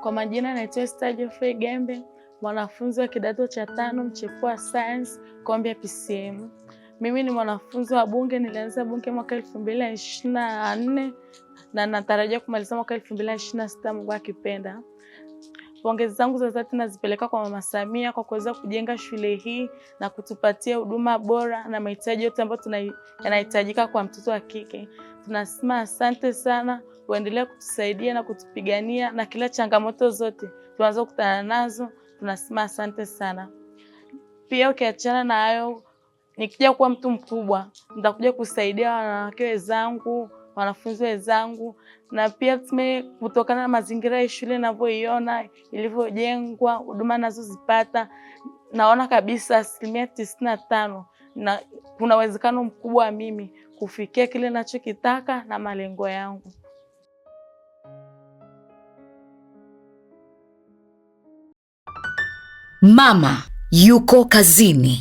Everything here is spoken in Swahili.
Kwa majina naitwa Esther Geoffrey Gembe, mwanafunzi wa kidato cha tano mchepuo wa science kombi ya PCM. Mimi ni mwanafunzi wa Bunge, nilianza Bunge mwaka elfu mbili na ishirini na nne na natarajia kumaliza mwaka elfu mbili na ishirini na sita Mungu akipenda. Pongezi zangu za dhati nazipeleka kwa Mama Samia kwa kuweza kujenga shule hii na kutupatia huduma bora na mahitaji yote ambayo yanahitajika kwa mtoto wa kike. Tunasema asante sana kuendelea kutusaidia na kutupigania na kila changamoto zote tunaweza kukutana nazo, tunasema asante sana. Pia ukiachana na hayo, nikija kuwa mtu mkubwa nitakuja kusaidia wanawake wenzangu, wanafunzi wenzangu, na pia tume, kutokana na mazingira ya shule inavyoiona ilivyojengwa, huduma nazozipata, naona kabisa asilimia tisini na tano na kuna uwezekano mkubwa wa mimi kufikia kile nachokitaka na malengo yangu. Mama yuko kazini.